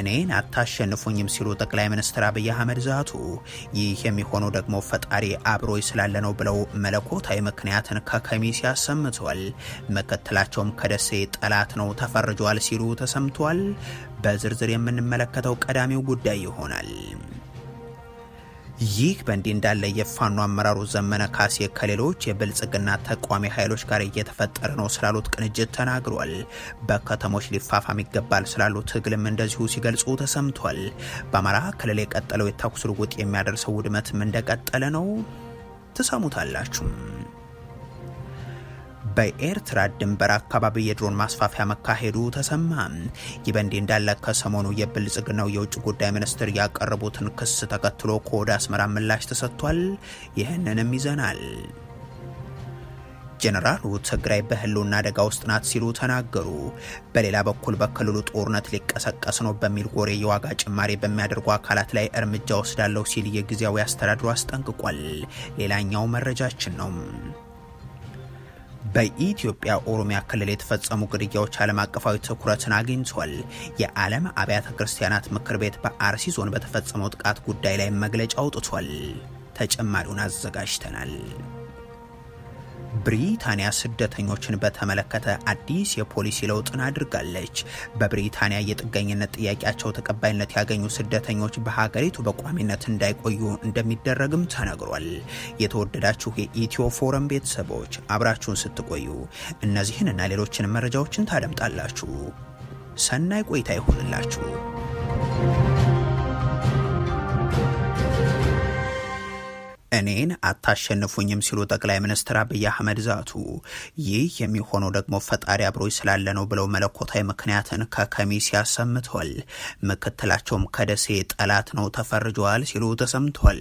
እኔን አታሸንፉኝም ሲሉ ጠቅላይ ሚኒስትር አብይ አህመድ ዛቱ። ይህ የሚሆነው ደግሞ ፈጣሪ አብሮ ስላለ ነው ብለው መለኮታዊ ምክንያትን ከከሚሴ አሰምተዋል። ምክትላቸውም ከደሴ ጠላት ነው ተፈርጇል ሲሉ ተሰምተዋል። በዝርዝር የምንመለከተው ቀዳሚው ጉዳይ ይሆናል። ይህ በእንዲህ እንዳለ የፋኖ አመራሩ ዘመነ ካሴ ከሌሎች የብልጽግና ተቋሚ ኃይሎች ጋር እየተፈጠረ ነው ስላሉት ቅንጅት ተናግሯል። በከተሞች ሊፋፋም ይገባል ስላሉት ትግልም እንደዚሁ ሲገልጹ ተሰምቷል። በአማራ ክልል የቀጠለው የተኩስ ልውውጥ የሚያደርሰው ውድመትም እንደቀጠለ ነው። ትሰሙታላችሁ። በኤርትራ ድንበር አካባቢ የድሮን ማስፋፊያ መካሄዱ ተሰማ። ይህ በእንዲህ እንዳለ ከሰሞኑ የብልጽግናው የውጭ ጉዳይ ሚኒስትር ያቀረቡትን ክስ ተከትሎ ከወደ አስመራ ምላሽ ተሰጥቷል። ይህንንም ይዘናል። ጀነራሉ ትግራይ በህልውና አደጋ ውስጥ ናት ሲሉ ተናገሩ። በሌላ በኩል በክልሉ ጦርነት ሊቀሰቀስ ነው በሚል ጎሬ የዋጋ ጭማሪ በሚያደርጉ አካላት ላይ እርምጃ ወስዳለሁ ሲል የጊዜያዊ አስተዳድሩ አስጠንቅቋል። ሌላኛው መረጃችን ነው። በኢትዮጵያ ኦሮሚያ ክልል የተፈጸሙ ግድያዎች ዓለም አቀፋዊ ትኩረትን አግኝቷል። የዓለም አብያተ ክርስቲያናት ምክር ቤት በአርሲ ዞን በተፈጸመው ጥቃት ጉዳይ ላይ መግለጫ አውጥቷል። ተጨማሪውን አዘጋጅተናል። ብሪታንያ ስደተኞችን በተመለከተ አዲስ የፖሊሲ ለውጥን አድርጋለች። በብሪታንያ የጥገኝነት ጥያቄያቸው ተቀባይነት ያገኙ ስደተኞች በሀገሪቱ በቋሚነት እንዳይቆዩ እንደሚደረግም ተነግሯል። የተወደዳችሁ የኢትዮ ፎረም ቤተሰቦች አብራችሁን ስትቆዩ እነዚህን እና ሌሎችን መረጃዎችን ታደምጣላችሁ። ሰናይ ቆይታ ይሆንላችሁ። እኔን አታሸንፉኝም ሲሉ ጠቅላይ ሚኒስትር አብይ አህመድ ዛቱ። ይህ የሚሆነው ደግሞ ፈጣሪ አብሮች ስላለ ነው ብለው መለኮታዊ ምክንያትን ከከሚስ ያሰምቷል። ምክትላቸውም ከደሴ ጠላት ነው ተፈርጀዋል ሲሉ ተሰምተዋል።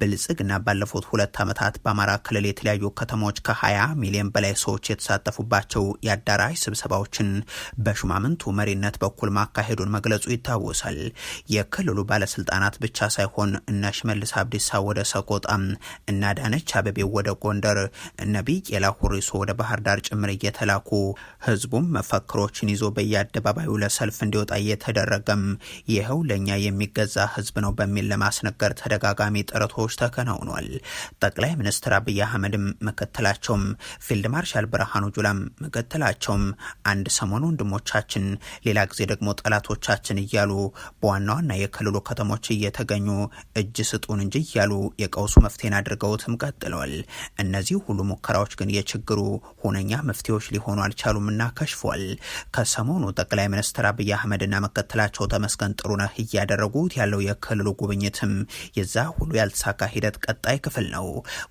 ብልጽግና ባለፉት ሁለት ዓመታት በአማራ ክልል የተለያዩ ከተሞች ከ20 ሚሊዮን በላይ ሰዎች የተሳተፉባቸው የአዳራሽ ስብሰባዎችን በሹማምንቱ መሪነት በኩል ማካሄዱን መግለጹ ይታወሳል። የክልሉ ባለስልጣናት ብቻ ሳይሆን እነ ሽመልስ አብዲሳ ወደ ሰቆጣም እናዳነች ዳነች አበቤ ወደ ጎንደር፣ ነቢይ የላሁሪሶ ወደ ባህር ዳር ጭምር እየተላኩ ህዝቡም መፈክሮችን ይዞ በየአደባባዩ ለሰልፍ እንዲወጣ እየተደረገም ይኸው ለእኛ የሚገዛ ህዝብ ነው በሚል ለማስነገር ተደጋጋሚ ጥረቶች ተከናውኗል። ጠቅላይ ሚኒስትር አብይ አህመድም ምክትላቸውም ፊልድ ማርሻል ብርሃኑ ጁላም ምክትላቸውም አንድ ሰሞኑ ወንድሞቻችን፣ ሌላ ጊዜ ደግሞ ጠላቶቻችን እያሉ በዋና ዋና የክልሉ ከተሞች እየተገኙ እጅ ስጡን እንጂ እያሉ የቀውሱ መፍ መፍትሄን አድርገውትም ቀጥለዋል። እነዚህ ሁሉ ሙከራዎች ግን የችግሩ ሁነኛ መፍትሄዎች ሊሆኑ አልቻሉምና ከሽፏል። ከሰሞኑ ጠቅላይ ሚኒስትር አብይ አህመድና መከተላቸው ተመስገን ጥሩነህ እያደረጉት ያለው የክልሉ ጉብኝትም የዛ ሁሉ ያልተሳካ ሂደት ቀጣይ ክፍል ነው።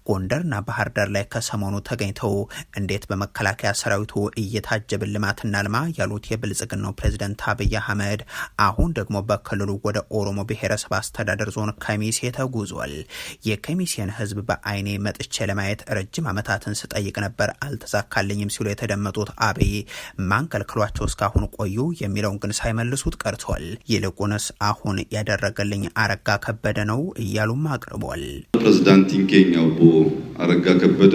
ጎንደርና ባህር ዳር ላይ ከሰሞኑ ተገኝተው እንዴት በመከላከያ ሰራዊቱ እየታጀብን ልማትና ልማ ያሉት የብልጽግናው ፕሬዚደንት አብይ አህመድ አሁን ደግሞ በክልሉ ወደ ኦሮሞ ብሔረሰብ አስተዳደር ዞን ከሚሴ ተጉዟል። የከሚሴ የሩሲያን ህዝብ በአይኔ መጥቼ ለማየት ረጅም ዓመታትን ስጠይቅ ነበር፣ አልተሳካልኝም ሲሉ የተደመጡት አብይ ማንከልክሏቸው እስካሁን ቆዩ የሚለውን ግን ሳይመልሱት ቀርቷል። ይልቁንስ አሁን ያደረገልኝ አረጋ ከበደ ነው እያሉም አቅርቧል። ፕሬዚዳንት ይገኛ ቦ አረጋ ከበደ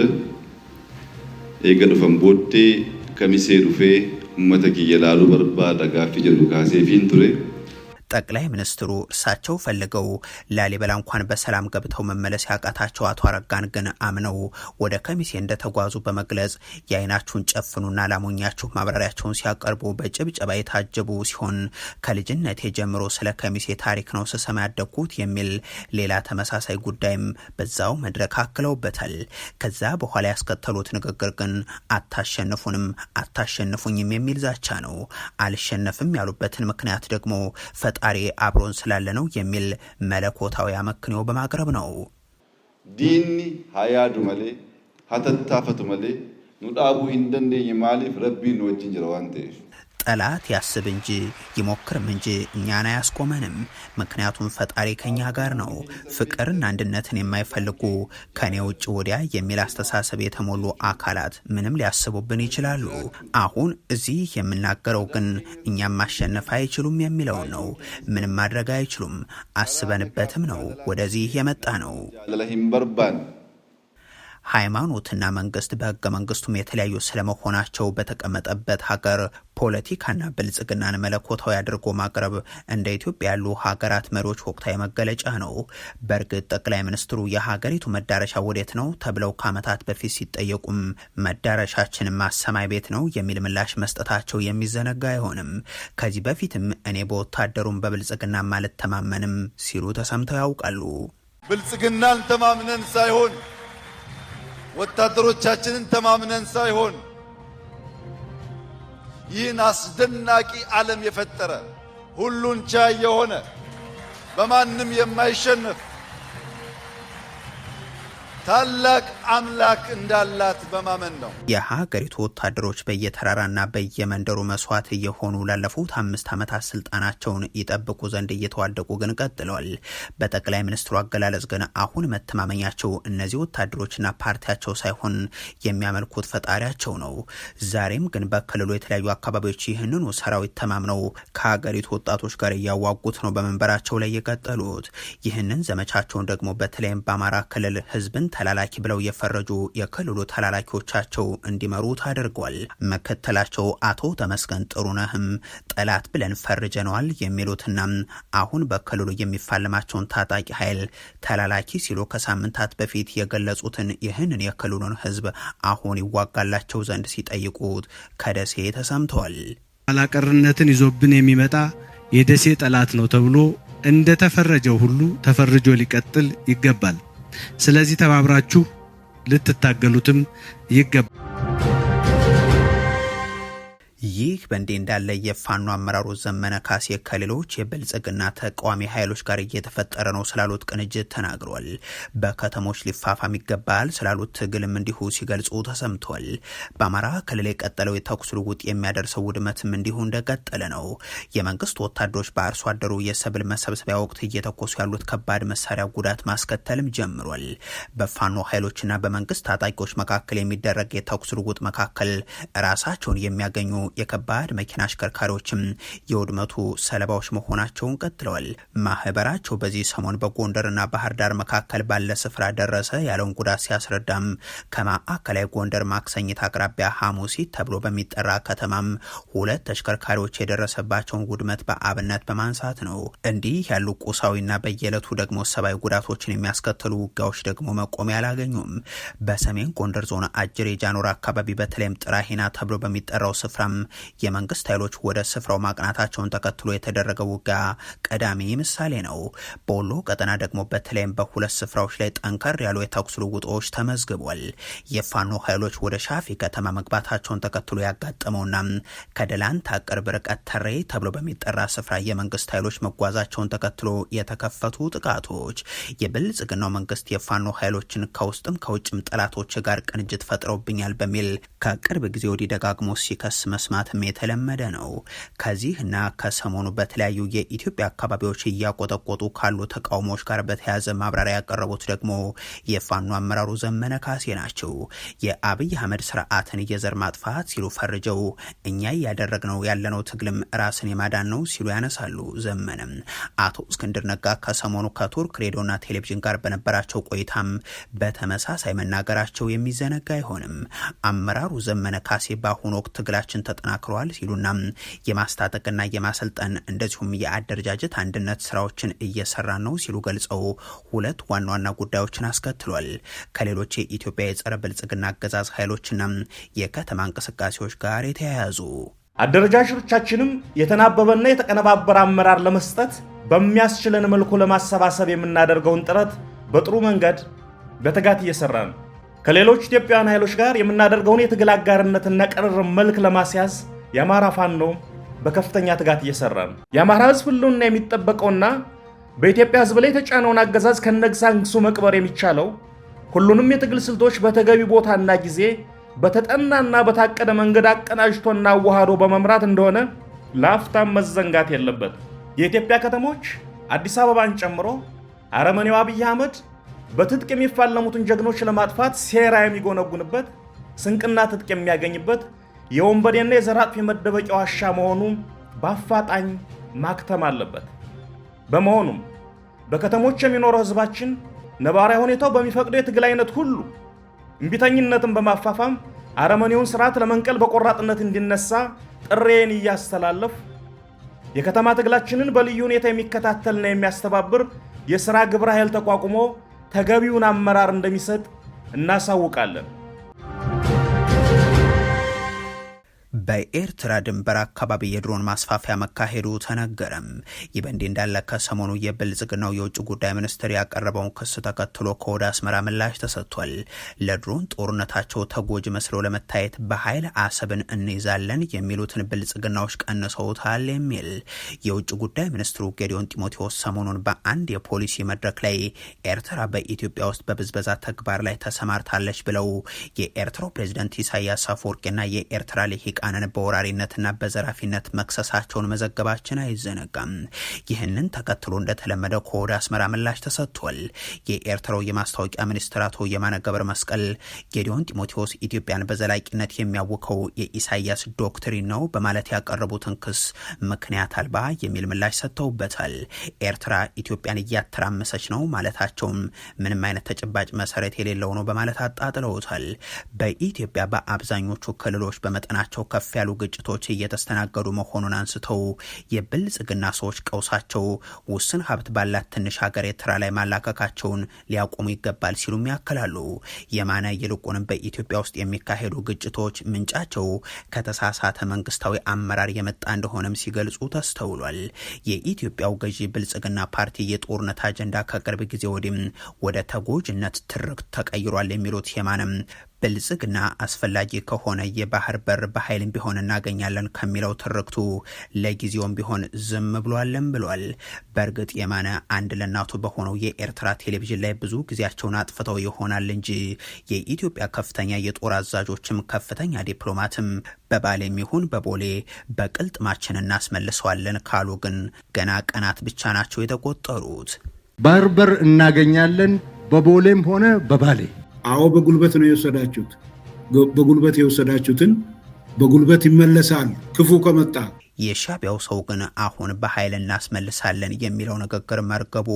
ገዱፈን ቦዴ ከሚሴ ዱፌ የላሉ በርባ ደጋፊ ጀሉ ካሴ ጠቅላይ ሚኒስትሩ እርሳቸው ፈልገው ላሊበላ እንኳን በሰላም ገብተው መመለስ ያቃታቸው አቶ አረጋን ግን አምነው ወደ ከሚሴ እንደተጓዙ በመግለጽ የአይናችሁን ጨፍኑና ላሞኛችሁ ማብራሪያቸውን ሲያቀርቡ በጭብጨባ የታጀቡ ሲሆን ከልጅነቴ ጀምሮ ስለ ከሚሴ ታሪክ ነው ስሰማ ያደግኩት የሚል ሌላ ተመሳሳይ ጉዳይም በዛው መድረክ አክለውበታል። ከዛ በኋላ ያስከተሉት ንግግር ግን አታሸንፉንም፣ አታሸንፉኝም የሚል ዛቻ ነው። አልሸነፍም ያሉበትን ምክንያት ደግሞ ፈጣ ፈጣሪ አብሮን ስላለ ነው የሚል መለኮታዊ አመክንዮ በማቅረብ ነው። ዲኒ ሀያዱ መሌ ሀተታፈቱ መሌ ኑዳቡ ሂንደንዴ የማሊፍ ረቢን ወጅን ጅረዋንቴ ጠላት ያስብ እንጂ ይሞክርም እንጂ እኛን አያስቆመንም። ምክንያቱም ፈጣሪ ከኛ ጋር ነው። ፍቅርና አንድነትን የማይፈልጉ ከኔ ውጭ ወዲያ የሚል አስተሳሰብ የተሞሉ አካላት ምንም ሊያስቡብን ይችላሉ። አሁን እዚህ የምናገረው ግን እኛም ማሸነፍ አይችሉም የሚለውን ነው። ምንም ማድረግ አይችሉም። አስበንበትም ነው ወደዚህ የመጣ ነው። ሃይማኖትና መንግስት በህገ መንግስቱም የተለያዩ ስለመሆናቸው በተቀመጠበት ሀገር ፖለቲካና ብልጽግናን መለኮታዊ አድርጎ ማቅረብ እንደ ኢትዮጵያ ያሉ ሀገራት መሪዎች ወቅታዊ መገለጫ ነው። በእርግጥ ጠቅላይ ሚኒስትሩ የሀገሪቱ መዳረሻ ወዴት ነው ተብለው ከዓመታት በፊት ሲጠየቁም መዳረሻችን ማሰማይ ቤት ነው የሚል ምላሽ መስጠታቸው የሚዘነጋ አይሆንም። ከዚህ በፊትም እኔ በወታደሩም በብልጽግና አልተማመንም ሲሉ ተሰምተው ያውቃሉ። ብልጽግናን ተማምነን ሳይሆን ወታደሮቻችንን ተማምነን ሳይሆን ይህን አስደናቂ ዓለም የፈጠረ ሁሉን ቻይ የሆነ በማንም የማይሸነፍ ታላቅ አምላክ እንዳላት በማመን ነው። የሀገሪቱ ወታደሮች በየተራራና በየመንደሩ መስዋዕት እየሆኑ ላለፉት አምስት ዓመታት ስልጣናቸውን ይጠብቁ ዘንድ እየተዋደቁ ግን ቀጥለዋል። በጠቅላይ ሚኒስትሩ አገላለጽ ግን አሁን መተማመኛቸው እነዚህ ወታደሮችና ፓርቲያቸው ሳይሆን የሚያመልኩት ፈጣሪያቸው ነው። ዛሬም ግን በክልሉ የተለያዩ አካባቢዎች ይህንኑ ሰራዊት ተማምነው ከሀገሪቱ ወጣቶች ጋር እያዋጉት ነው በመንበራቸው ላይ የቀጠሉት። ይህንን ዘመቻቸውን ደግሞ በተለይም በአማራ ክልል ህዝብን ተላላኪ ብለው የፈረጁ የክልሉ ተላላኪዎቻቸው እንዲመሩ ታደርጓል። መከተላቸው አቶ ተመስገን ጥሩነህም ጠላት ብለን ፈርጀነዋል የሚሉትና አሁን በክልሉ የሚፋለማቸውን ታጣቂ ኃይል ተላላኪ ሲሉ ከሳምንታት በፊት የገለጹትን ይህንን የክልሉን ህዝብ አሁን ይዋጋላቸው ዘንድ ሲጠይቁት ከደሴ ተሰምተዋል። ኋላቀርነትን ይዞብን የሚመጣ የደሴ ጠላት ነው ተብሎ እንደተፈረጀው ሁሉ ተፈርጆ ሊቀጥል ይገባል። ስለዚህ ተባብራችሁ ልትታገሉትም ይገባል። ይህ በእንዲህ እንዳለ የፋኖ አመራሩ ዘመነ ካሴ ከሌሎች የብልጽግና ተቃዋሚ ኃይሎች ጋር እየተፈጠረ ነው ስላሉት ቅንጅት ተናግሯል። በከተሞች ሊፋፋም ይገባል ስላሉት ትግልም እንዲሁ ሲገልጹ ተሰምቷል። በአማራ ክልል የቀጠለው የተኩስ ልውውጥ የሚያደርሰው ውድመትም እንዲሁ እንደቀጠለ ነው። የመንግስት ወታደሮች በአርሶ አደሩ የሰብል መሰብሰቢያ ወቅት እየተኮሱ ያሉት ከባድ መሳሪያ ጉዳት ማስከተልም ጀምሯል። በፋኖ ኃይሎችና በመንግስት ታጣቂዎች መካከል የሚደረግ የተኩስ ልውውጥ መካከል ራሳቸውን የሚያገኙ የከባድ መኪና አሽከርካሪዎችም የውድመቱ ሰለባዎች መሆናቸውን ቀጥለዋል። ማህበራቸው በዚህ ሰሞን በጎንደርና ባህር ዳር መካከል ባለ ስፍራ ደረሰ ያለውን ጉዳት ሲያስረዳም ከማዕከላዊ ጎንደር ማክሰኝት አቅራቢያ ሐሙሲት ተብሎ በሚጠራ ከተማም ሁለት ተሽከርካሪዎች የደረሰባቸውን ውድመት በአብነት በማንሳት ነው። እንዲህ ያሉ ቁሳዊና በየዕለቱ ደግሞ ሰብአዊ ጉዳቶችን የሚያስከትሉ ውጊያዎች ደግሞ መቆሚያ አላገኙም። በሰሜን ጎንደር ዞን አጅር የጃኖር አካባቢ በተለይም ጥራሂና ተብሎ በሚጠራው ስፍራም የመንግስት ኃይሎች ወደ ስፍራው ማቅናታቸውን ተከትሎ የተደረገ ውጊያ ቀዳሚ ምሳሌ ነው። በወሎ ቀጠና ደግሞ በተለይም በሁለት ስፍራዎች ላይ ጠንከር ያሉ የተኩስ ልውጦች ተመዝግቧል። የፋኖ ኃይሎች ወደ ሻፊ ከተማ መግባታቸውን ተከትሎ ያጋጠመውና ከደላንታ ቅርብ ርቀት ተሬ ተብሎ በሚጠራ ስፍራ የመንግስት ኃይሎች መጓዛቸውን ተከትሎ የተከፈቱ ጥቃቶች የብልጽግናው መንግስት የፋኖ ኃይሎችን ከውስጥም ከውጭም ጠላቶች ጋር ቅንጅት ፈጥረውብኛል በሚል ከቅርብ ጊዜ ወዲህ ደጋግሞ ሲከስ መስማት ጥናትም የተለመደ ነው። ከዚህና ከሰሞኑ በተለያዩ የኢትዮጵያ አካባቢዎች እያቆጠቆጡ ካሉ ተቃውሞዎች ጋር በተያያዘ ማብራሪያ ያቀረቡት ደግሞ የፋኖ አመራሩ ዘመነ ካሴ ናቸው። የአብይ አህመድ ስርዓትን የዘር ማጥፋት ሲሉ ፈርጀው እኛ እያደረግነው ያለነው ትግልም ራስን የማዳን ነው ሲሉ ያነሳሉ። ዘመንም አቶ እስክንድር ነጋ ከሰሞኑ ከቱርክ ሬዲዮና ቴሌቪዥን ጋር በነበራቸው ቆይታም በተመሳሳይ መናገራቸው የሚዘነጋ አይሆንም። አመራሩ ዘመነ ካሴ በአሁኑ ወቅት ትግላችን ተጠና ተጠናክረዋል ሲሉና የማስታጠቅና የማሰልጠን እንደዚሁም የአደረጃጀት አንድነት ስራዎችን እየሰራ ነው ሲሉ ገልጸው ሁለት ዋና ዋና ጉዳዮችን አስከትሏል። ከሌሎች የኢትዮጵያ የጸረ ብልጽግና አገዛዝ ኃይሎችና የከተማ እንቅስቃሴዎች ጋር የተያያዙ አደረጃጀቶቻችንም የተናበበና የተቀነባበረ አመራር ለመስጠት በሚያስችለን መልኩ ለማሰባሰብ የምናደርገውን ጥረት በጥሩ መንገድ በትጋት እየሰራ ነው። ከሌሎች ኢትዮጵያውያን ኃይሎች ጋር የምናደርገውን የትግል አጋርነትና ቅርርብ መልክ ለማስያዝ የአማራ ፋኖ በከፍተኛ ትጋት እየሰራ ነው። የአማራ ህዝብ ህልውና የሚጠበቀውና በኢትዮጵያ ህዝብ ላይ የተጫነውን አገዛዝ ከነግሳንግሱ መቅበር የሚቻለው ሁሉንም የትግል ስልቶች በተገቢ ቦታና ጊዜ በተጠናና በታቀደ መንገድ አቀናጅቶና አዋህዶ በመምራት እንደሆነ ለአፍታም መዘንጋት የለበት። የኢትዮጵያ ከተሞች አዲስ አበባን ጨምሮ አረመኔው አብይ አህመድ በትጥቅ የሚፋለሙትን ጀግኖች ለማጥፋት ሴራ የሚጎነጉንበት ስንቅና ትጥቅ የሚያገኝበት የወንበዴና የዘር አጥፊ መደበቂያ ዋሻ መሆኑ በአፋጣኝ ማክተም አለበት። በመሆኑም በከተሞች የሚኖረው ህዝባችን ነባራዊ ሁኔታው በሚፈቅደው የትግል አይነት ሁሉ እምቢተኝነትን በማፋፋም አረመኔውን ስርዓት ለመንቀል በቆራጥነት እንዲነሳ ጥሬን እያስተላለፍ የከተማ ትግላችንን በልዩ ሁኔታ የሚከታተልና የሚያስተባብር የሥራ ግብረ ኃይል ተቋቁሞ ተገቢውን አመራር እንደሚሰጥ እናሳውቃለን። በኤርትራ ድንበር አካባቢ የድሮን ማስፋፊያ መካሄዱ ተነገረም። ይህ በእንዲህ እንዳለ ከሰሞኑ የብልጽግናው የውጭ ጉዳይ ሚኒስትር ያቀረበውን ክስ ተከትሎ ከወደ አስመራ ምላሽ ተሰጥቷል። ለድሮን ጦርነታቸው ተጎጂ መስለው ለመታየት በኃይል አሰብን እንይዛለን የሚሉትን ብልጽግናዎች ቀንሰውታል የሚል የውጭ ጉዳይ ሚኒስትሩ ጌዲዮን ጢሞቴዎስ ሰሞኑን በአንድ የፖሊሲ መድረክ ላይ ኤርትራ በኢትዮጵያ ውስጥ በብዝበዛ ተግባር ላይ ተሰማርታለች ብለው የኤርትራው ፕሬዚደንት ኢሳያስ አፈወርቂና የኤርትራ ልሂቅ ስልጣንን በወራሪነትና በዘራፊነት መክሰሳቸውን መዘገባችን አይዘነጋም። ይህንን ተከትሎ እንደተለመደው ከወደ አስመራ ምላሽ ተሰጥቷል። የኤርትራው የማስታወቂያ ሚኒስትር አቶ የማነ ገብረ መስቀል ጌዲዮን ጢሞቴዎስ ኢትዮጵያን በዘላቂነት የሚያውከው የኢሳያስ ዶክትሪን ነው በማለት ያቀረቡትን ክስ ምክንያት አልባ የሚል ምላሽ ሰጥተውበታል። ኤርትራ ኢትዮጵያን እያተራመሰች ነው ማለታቸውም ምንም አይነት ተጨባጭ መሰረት የሌለው ነው በማለት አጣጥለውታል። በኢትዮጵያ በአብዛኞቹ ክልሎች በመጠናቸው ከፍ ያሉ ግጭቶች እየተስተናገዱ መሆኑን አንስተው የብልጽግና ሰዎች ቀውሳቸው ውስን ሀብት ባላት ትንሽ ሀገር ኤርትራ ላይ ማላከካቸውን ሊያቆሙ ይገባል ሲሉም ያክላሉ። የማነ ይልቁንም በኢትዮጵያ ውስጥ የሚካሄዱ ግጭቶች ምንጫቸው ከተሳሳተ መንግስታዊ አመራር የመጣ እንደሆነም ሲገልጹ ተስተውሏል። የኢትዮጵያው ገዢ ብልጽግና ፓርቲ የጦርነት አጀንዳ ከቅርብ ጊዜ ወዲህም ወደ ተጎጅነት ትርክ ተቀይሯል የሚሉት የማነም ብልጽግና አስፈላጊ ከሆነ የባህር በር በኃይልም ቢሆን እናገኛለን ከሚለው ትርክቱ ለጊዜውም ቢሆን ዝም ብሏለን ብሏል። በእርግጥ የማነ አንድ ለእናቱ በሆነው የኤርትራ ቴሌቪዥን ላይ ብዙ ጊዜያቸውን አጥፍተው ይሆናል እንጂ የኢትዮጵያ ከፍተኛ የጦር አዛዦችም ከፍተኛ ዲፕሎማትም በባሌም ይሁን በቦሌ በቅልጥማችን እናስመልሰዋለን ካሉ ግን ገና ቀናት ብቻ ናቸው የተቆጠሩት። ባህር በር እናገኛለን በቦሌም ሆነ በባሌ አዎ በጉልበት ነው የወሰዳችሁት። በጉልበት የወሰዳችሁትን በጉልበት ይመለሳል ክፉ ከመጣ የሻቢያው ሰው ግን አሁን በኃይል እናስመልሳለን የሚለው ንግግር መርገቡ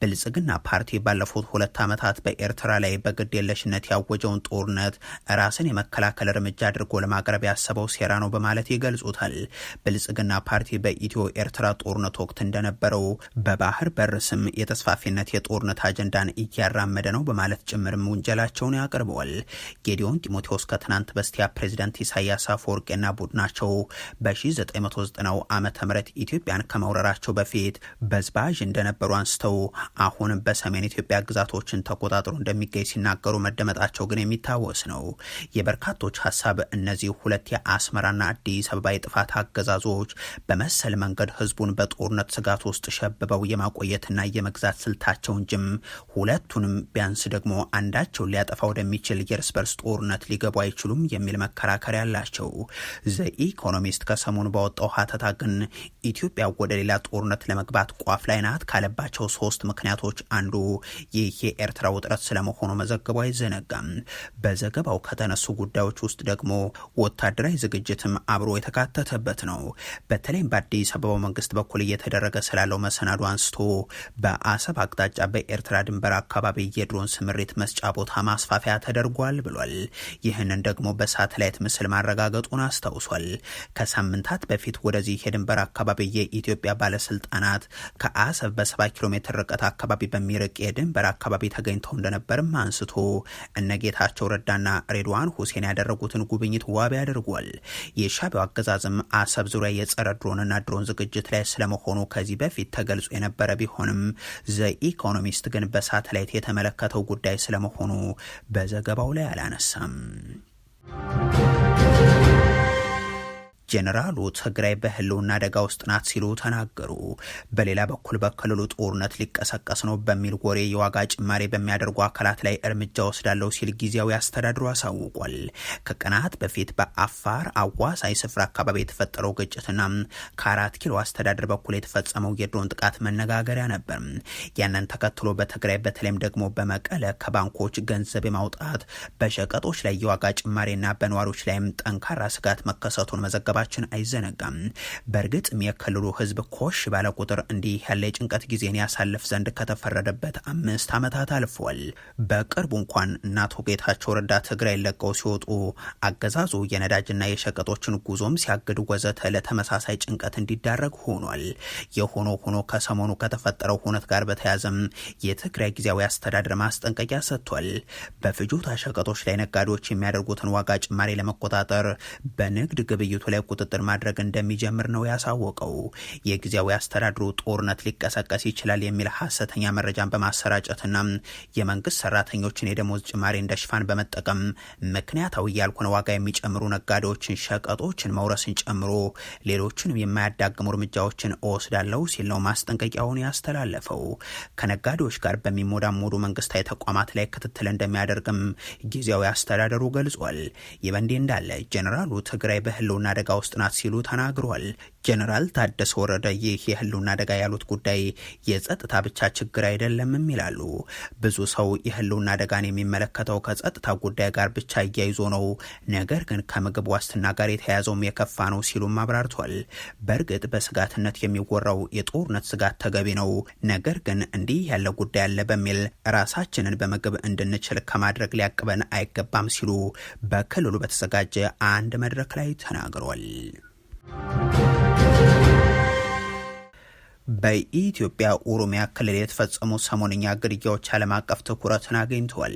ብልጽግና ፓርቲ ባለፉት ሁለት ዓመታት በኤርትራ ላይ በግዴለሽነት ያወጀውን ጦርነት ራስን የመከላከል እርምጃ አድርጎ ለማቅረብ ያሰበው ሴራ ነው በማለት ይገልጹታል። ብልጽግና ፓርቲ በኢትዮ ኤርትራ ጦርነት ወቅት እንደነበረው በባህር በር ስም የተስፋፊነት የጦርነት አጀንዳን እያራመደ ነው በማለት ጭምርም ውንጀላቸውን ያቀርበዋል። ጌዲዮን ጢሞቴዎስ ከትናንት በስቲያ ፕሬዚደንት ኢሳያስ አፈወርቄና ቡድናቸው በ በ1990 ዓ ኢትዮጵያን ከመውረራቸው በፊት በዝባዥ እንደነበሩ አንስተው አሁንም በሰሜን ኢትዮጵያ ግዛቶችን ተቆጣጥሮ እንደሚገኝ ሲናገሩ መደመጣቸው ግን የሚታወስ ነው። የበርካቶች ሀሳብ እነዚህ ሁለት የአስመራና አዲስ አበባ የጥፋት አገዛዞች በመሰል መንገድ ህዝቡን በጦርነት ስጋት ውስጥ ሸብበው የማቆየትና የመግዛት ስልታቸው እንጂም ሁለቱንም ቢያንስ ደግሞ አንዳቸውን ሊያጠፋ ወደሚችል የእርስ በርስ ጦርነት ሊገቡ አይችሉም የሚል መከራከሪያ አላቸው። ዘኢኮኖሚስት ከሰሞኑ ባወጣው ህወሓት ግን ኢትዮጵያ ወደ ሌላ ጦርነት ለመግባት ቋፍ ላይ ናት ካለባቸው ሶስት ምክንያቶች አንዱ ይህ የኤርትራ ውጥረት ስለመሆኑ መዘገቡ አይዘነጋም። በዘገባው ከተነሱ ጉዳዮች ውስጥ ደግሞ ወታደራዊ ዝግጅትም አብሮ የተካተተበት ነው። በተለይም በአዲስ አበባው መንግስት በኩል እየተደረገ ስላለው መሰናዶ አንስቶ በአሰብ አቅጣጫ በኤርትራ ድንበር አካባቢ የድሮን ስምሪት መስጫ ቦታ ማስፋፊያ ተደርጓል ብሏል። ይህንን ደግሞ በሳተላይት ምስል ማረጋገጡን አስታውሷል። ከሳምንታት በፊት በፊት ወደዚህ የድንበር አካባቢ የኢትዮጵያ ባለስልጣናት ከአሰብ በሰባ ኪሎ ሜትር ርቀት አካባቢ በሚርቅ የድንበር አካባቢ ተገኝተው እንደነበርም አንስቶ እነ ጌታቸው ረዳና ሬድዋን ሁሴን ያደረጉትን ጉብኝት ዋቢ አድርጓል። የሻቢያው አገዛዝም አሰብ ዙሪያ የጸረ ድሮንና ድሮን ዝግጅት ላይ ስለመሆኑ ከዚህ በፊት ተገልጾ የነበረ ቢሆንም ኢኮኖሚስት ግን በሳተላይት የተመለከተው ጉዳይ ስለመሆኑ በዘገባው ላይ አላነሳም። ጄኔራሉ ትግራይ በህልውና አደጋ ውስጥ ናት ሲሉ ተናገሩ። በሌላ በኩል በክልሉ ጦርነት ሊቀሰቀስ ነው በሚል ወሬ የዋጋ ጭማሪ በሚያደርጉ አካላት ላይ እርምጃ ወስዳለው ሲል ጊዜያዊ አስተዳድሩ አሳውቋል። ከቀናት በፊት በአፋር አዋሳኝ ስፍራ አካባቢ የተፈጠረው ግጭትና ከአራት ኪሎ አስተዳደር በኩል የተፈጸመው የድሮን ጥቃት መነጋገሪያ ነበር። ያንን ተከትሎ በትግራይ በተለይም ደግሞ በመቀለ ከባንኮች ገንዘብ የማውጣት በሸቀጦች ላይ የዋጋ ጭማሪና በነዋሪዎች ላይም ጠንካራ ስጋት መከሰቱን መዘገ መዘገባችን አይዘነጋም። በእርግጥም የክልሉ ህዝብ ኮሽ ባለ ቁጥር እንዲህ ያለ የጭንቀት ጊዜን ያሳልፍ ዘንድ ከተፈረደበት አምስት ዓመታት አልፏል። በቅርቡ እንኳን እናቶ ጌታቸው ረዳ ትግራይ ለቀው ሲወጡ አገዛዙ የነዳጅና የሸቀጦችን ጉዞም ሲያግድ ወዘተ ለተመሳሳይ ጭንቀት እንዲዳረግ ሆኗል። የሆኖ ሆኖ ከሰሞኑ ከተፈጠረው ሁነት ጋር በተያያዘም የትግራይ ጊዜያዊ አስተዳደር ማስጠንቀቂያ ሰጥቷል። በፍጆታ ሸቀጦች ላይ ነጋዴዎች የሚያደርጉትን ዋጋ ጭማሪ ለመቆጣጠር በንግድ ግብይቱ ላይ ቁጥጥር ማድረግ እንደሚጀምር ነው ያሳወቀው። የጊዜያዊ አስተዳድሩ ጦርነት ሊቀሰቀስ ይችላል የሚል ሀሰተኛ መረጃን በማሰራጨትና የመንግስት ሰራተኞችን የደሞዝ ጭማሪ እንደ ሽፋን በመጠቀም ምክንያታዊ ያልሆነ ዋጋ የሚጨምሩ ነጋዴዎችን ሸቀጦችን መውረስን ጨምሮ ሌሎችንም የማያዳግሙ እርምጃዎችን እወስዳለሁ ሲል ነው ማስጠንቀቂያውን ያስተላለፈው። ከነጋዴዎች ጋር በሚሞዳሞዱ መንግስታዊ ተቋማት ላይ ክትትል እንደሚያደርግም ጊዜያዊ አስተዳደሩ ገልጿል። ይህ በእንዲህ እንዳለ ጀኔራሉ ትግራይ በህልውና አደጋ ውስጥ ናት ሲሉ ተናግሯል። ጀኔራል ታደሰ ወረደ ይህ የህልውና አደጋ ያሉት ጉዳይ የጸጥታ ብቻ ችግር አይደለምም ይላሉ። ብዙ ሰው የህልውና አደጋን የሚመለከተው ከጸጥታ ጉዳይ ጋር ብቻ እያይዞ ነው፣ ነገር ግን ከምግብ ዋስትና ጋር የተያያዘውም የከፋ ነው ሲሉም አብራርቷል። በእርግጥ በስጋትነት የሚወራው የጦርነት ስጋት ተገቢ ነው፣ ነገር ግን እንዲህ ያለ ጉዳይ አለ በሚል ራሳችንን በምግብ እንድንችል ከማድረግ ሊያቅበን አይገባም ሲሉ በክልሉ በተዘጋጀ አንድ መድረክ ላይ ተናግሯል። Bye. በኢትዮጵያ ኦሮሚያ ክልል የተፈጸሙ ሰሞንኛ ግድያዎች ዓለም አቀፍ ትኩረትን አግኝተዋል።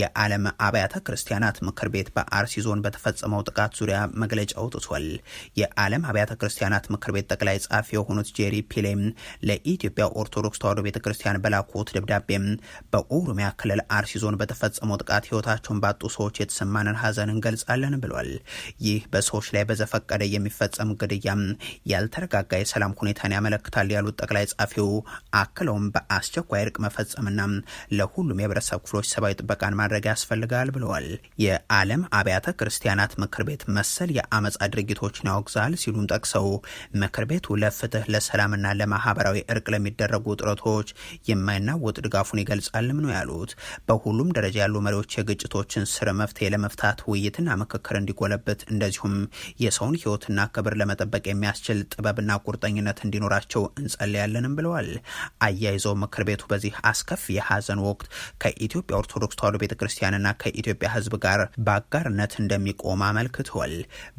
የዓለም አብያተ ክርስቲያናት ምክር ቤት በአርሲ ዞን በተፈጸመው ጥቃት ዙሪያ መግለጫ አውጥቷል። የዓለም አብያተ ክርስቲያናት ምክር ቤት ጠቅላይ ጸሐፊ የሆኑት ጄሪ ፒሌም ለኢትዮጵያ ኦርቶዶክስ ተዋሕዶ ቤተ ክርስቲያን በላኩት ደብዳቤም በኦሮሚያ ክልል አርሲ ዞን በተፈጸመው ጥቃት ሕይወታቸውን ባጡ ሰዎች የተሰማንን ሐዘን እንገልጻለን ብሏል። ይህ በሰዎች ላይ በዘፈቀደ የሚፈጸም ግድያም ያልተረጋጋ የሰላም ሁኔታን ያመለክታል ያሉ ጠቅላይ ጻፊው አክለውም በአስቸኳይ እርቅ መፈጸምና ለሁሉም የህብረተሰብ ክፍሎች ሰብአዊ ጥበቃን ማድረግ ያስፈልጋል ብለዋል። የዓለም አብያተ ክርስቲያናት ምክር ቤት መሰል የአመጻ ድርጊቶችን ያወግዛል ሲሉም ጠቅሰው ምክር ቤቱ ለፍትህ ለሰላምና ለማህበራዊ እርቅ ለሚደረጉ ጥረቶች የማይናወጥ ድጋፉን ይገልጻልም ነው ያሉት። በሁሉም ደረጃ ያሉ መሪዎች የግጭቶችን ስር መፍትሄ ለመፍታት ውይይትና ምክክር እንዲጎለበት እንደዚሁም የሰውን ህይወትና ክብር ለመጠበቅ የሚያስችል ጥበብና ቁርጠኝነት እንዲኖራቸው እንጸ እንጸልያለንም ብለዋል። አያይዘው ምክር ቤቱ በዚህ አስከፊ የሀዘን ወቅት ከኢትዮጵያ ኦርቶዶክስ ተዋሕዶ ቤተ ክርስቲያንና ከኢትዮጵያ ሕዝብ ጋር በአጋርነት እንደሚቆም አመልክተል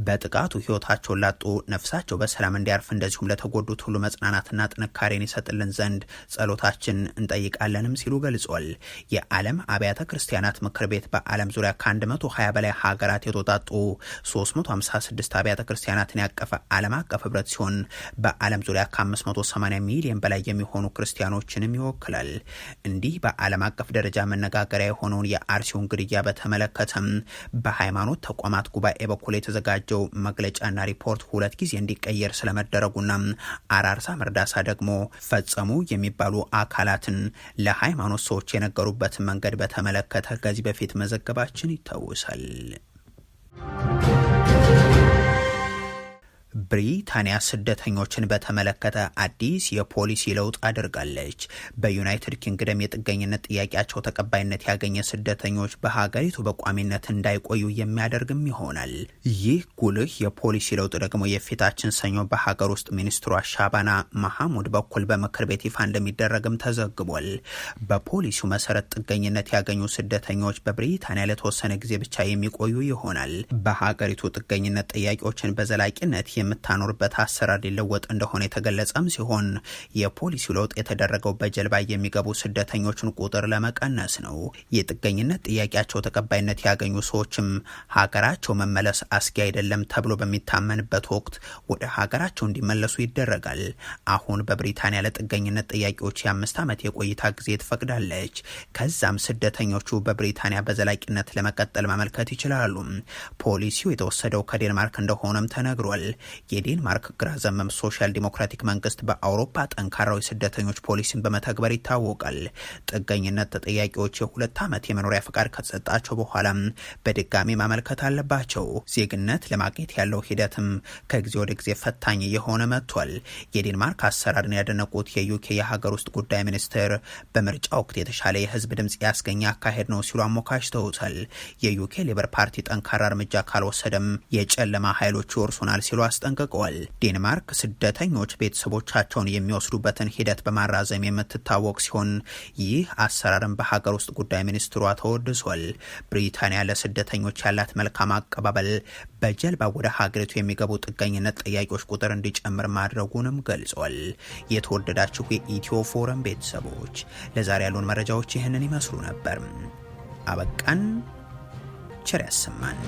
በጥቃቱ ህይወታቸውን ላጡ ነፍሳቸው በሰላም እንዲያርፍ እንደዚሁም ለተጎዱት ሁሉ መጽናናትና ጥንካሬን ይሰጥልን ዘንድ ጸሎታችን እንጠይቃለንም ሲሉ ገልጿል። የዓለም አብያተ ክርስቲያናት ምክር ቤት በዓለም ዙሪያ ከ120 በላይ ሀገራት የተወጣጡ 356 አብያተ ክርስቲያናትን ያቀፈ ዓለም አቀፍ ህብረት ሲሆን በዓለም ዙሪያ ከ580 ከ80 ሚሊዮን በላይ የሚሆኑ ክርስቲያኖችንም ይወክላል። እንዲህ በዓለም አቀፍ ደረጃ መነጋገሪያ የሆነውን የአርሲውን ግድያ በተመለከተም በሃይማኖት ተቋማት ጉባኤ በኩል የተዘጋጀው መግለጫና ሪፖርት ሁለት ጊዜ እንዲቀየር ስለመደረጉና አራርሳ መርዳሳ ደግሞ ፈጸሙ የሚባሉ አካላትን ለሃይማኖት ሰዎች የነገሩበትን መንገድ በተመለከተ ከዚህ በፊት መዘገባችን ይታወሳል። ብሪታንያ ስደተኞችን በተመለከተ አዲስ የፖሊሲ ለውጥ አድርጋለች። በዩናይትድ ኪንግደም የጥገኝነት ጥያቄያቸው ተቀባይነት ያገኘ ስደተኞች በሀገሪቱ በቋሚነት እንዳይቆዩ የሚያደርግም ይሆናል። ይህ ጉልህ የፖሊሲ ለውጥ ደግሞ የፊታችን ሰኞ በሀገር ውስጥ ሚኒስትሯ ሻባና መሐሙድ በኩል በምክር ቤት ይፋ እንደሚደረግም ተዘግቧል። በፖሊሲው መሰረት ጥገኝነት ያገኙ ስደተኞች በብሪታንያ ለተወሰነ ጊዜ ብቻ የሚቆዩ ይሆናል። በሀገሪቱ ጥገኝነት ጥያቄዎችን በዘላቂነት የምታኖርበት አሰራር ሊለወጥ እንደሆነ የተገለጸም ሲሆን የፖሊሲው ለውጥ የተደረገው በጀልባ የሚገቡ ስደተኞችን ቁጥር ለመቀነስ ነው። የጥገኝነት ጥያቄያቸው ተቀባይነት ያገኙ ሰዎችም ሀገራቸው መመለስ አስጊ አይደለም ተብሎ በሚታመንበት ወቅት ወደ ሀገራቸው እንዲመለሱ ይደረጋል። አሁን በብሪታንያ ለጥገኝነት ጥያቄዎች የአምስት ዓመት የቆይታ ጊዜ ትፈቅዳለች። ከዛም ስደተኞቹ በብሪታንያ በዘላቂነት ለመቀጠል ማመልከት ይችላሉ። ፖሊሲው የተወሰደው ከዴንማርክ እንደሆነም ተነግሯል። የዴንማርክ ግራ ዘመም ሶሻል ዲሞክራቲክ መንግስት በአውሮፓ ጠንካራዊ ስደተኞች ፖሊሲን በመተግበር ይታወቃል። ጥገኝነት ተጠያቂዎች የሁለት ዓመት የመኖሪያ ፈቃድ ከተሰጣቸው በኋላም በድጋሚ ማመልከት አለባቸው። ዜግነት ለማግኘት ያለው ሂደትም ከጊዜ ወደ ጊዜ ፈታኝ የሆነ መጥቷል። የዴንማርክ አሰራርን ያደነቁት የዩኬ የሀገር ውስጥ ጉዳይ ሚኒስትር በምርጫ ወቅት የተሻለ የህዝብ ድምፅ ያስገኘ አካሄድ ነው ሲሉ አሞካሽተውታል። የዩኬ ሌበር ፓርቲ ጠንካራ እርምጃ ካልወሰደም የጨለማ ኃይሎቹ እርሱናል ሲሉ አስ አስጠንቅቀዋል። ዴንማርክ ስደተኞች ቤተሰቦቻቸውን የሚወስዱበትን ሂደት በማራዘም የምትታወቅ ሲሆን ይህ አሰራርም በሀገር ውስጥ ጉዳይ ሚኒስትሯ ተወድሷል። ብሪታንያ ለስደተኞች ያላት መልካም አቀባበል በጀልባ ወደ ሀገሪቱ የሚገቡ ጥገኝነት ጥያቄዎች ቁጥር እንዲጨምር ማድረጉንም ገልጿል። የተወደዳችሁ የኢትዮ ፎረም ቤተሰቦች ለዛሬ ያሉን መረጃዎች ይህንን ይመስሉ ነበር። አበቃን። ቸር ያሰማን።